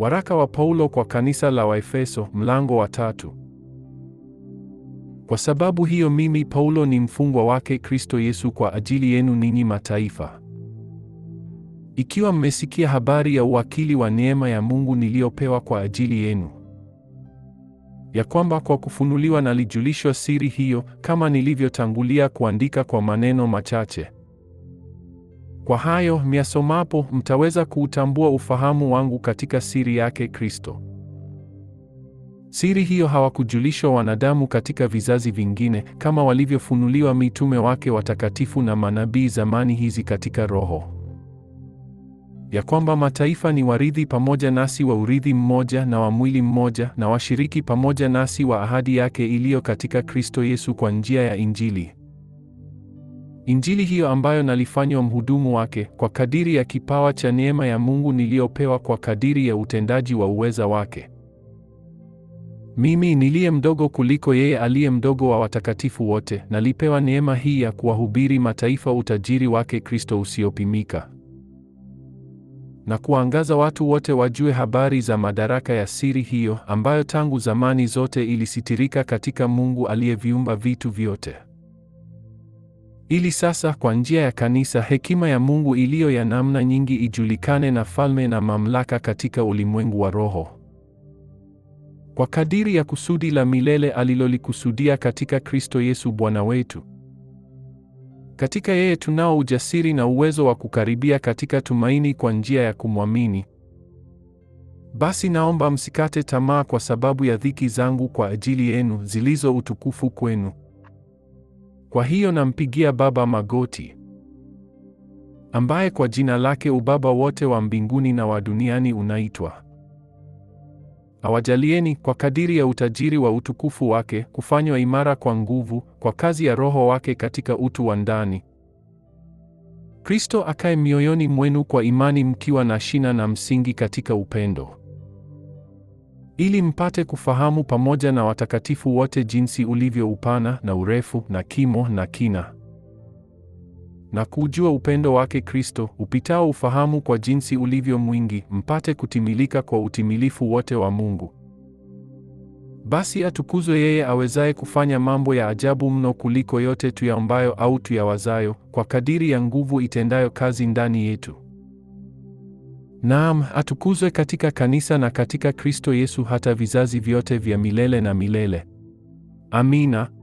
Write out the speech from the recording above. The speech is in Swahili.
Waraka wa Paulo kwa kanisa la Waefeso, mlango wa tatu. Kwa sababu hiyo mimi Paulo ni mfungwa wake Kristo Yesu kwa ajili yenu ninyi mataifa. Ikiwa mmesikia habari ya uwakili wa neema ya Mungu niliyopewa kwa ajili yenu, ya kwamba kwa kufunuliwa nalijulishwa siri hiyo, kama nilivyotangulia kuandika kwa maneno machache. Kwa hayo miasomapo mtaweza kuutambua ufahamu wangu katika siri yake Kristo. Siri hiyo hawakujulishwa wanadamu katika vizazi vingine, kama walivyofunuliwa mitume wake watakatifu na manabii zamani hizi katika Roho, ya kwamba mataifa ni warithi pamoja nasi wa urithi mmoja na wa mwili mmoja, na washiriki pamoja nasi wa ahadi yake iliyo katika Kristo Yesu kwa njia ya Injili. Injili hiyo ambayo nalifanywa mhudumu wake kwa kadiri ya kipawa cha neema ya Mungu niliyopewa kwa kadiri ya utendaji wa uweza wake. Mimi niliye mdogo kuliko yeye aliye mdogo wa watakatifu wote, nalipewa neema hii ya kuwahubiri mataifa utajiri wake Kristo usiopimika, na kuangaza watu wote wajue habari za madaraka ya siri hiyo ambayo tangu zamani zote ilisitirika katika Mungu aliyeviumba vitu vyote ili sasa kwa njia ya kanisa hekima ya Mungu iliyo ya namna nyingi ijulikane na falme na mamlaka katika ulimwengu wa roho, kwa kadiri ya kusudi la milele alilolikusudia katika Kristo Yesu Bwana wetu. Katika yeye tunao ujasiri na uwezo wa kukaribia katika tumaini kwa njia ya kumwamini. Basi naomba msikate tamaa kwa sababu ya dhiki zangu kwa ajili yenu zilizo utukufu kwenu. Kwa hiyo nampigia Baba magoti, ambaye kwa jina lake ubaba wote wa mbinguni na wa duniani unaitwa, awajalieni kwa kadiri ya utajiri wa utukufu wake kufanywa imara kwa nguvu, kwa kazi ya Roho wake katika utu wa ndani, Kristo akae mioyoni mwenu kwa imani, mkiwa na shina na msingi katika upendo ili mpate kufahamu pamoja na watakatifu wote jinsi ulivyo upana na urefu na kimo na kina, na kujua upendo wake Kristo upitao ufahamu, kwa jinsi ulivyo mwingi, mpate kutimilika kwa utimilifu wote wa Mungu. Basi atukuzwe yeye awezaye kufanya mambo ya ajabu mno kuliko yote tuyaombayo au tuyawazayo, kwa kadiri ya nguvu itendayo kazi ndani yetu. Naam, atukuzwe katika kanisa na katika Kristo Yesu hata vizazi vyote vya milele na milele. Amina.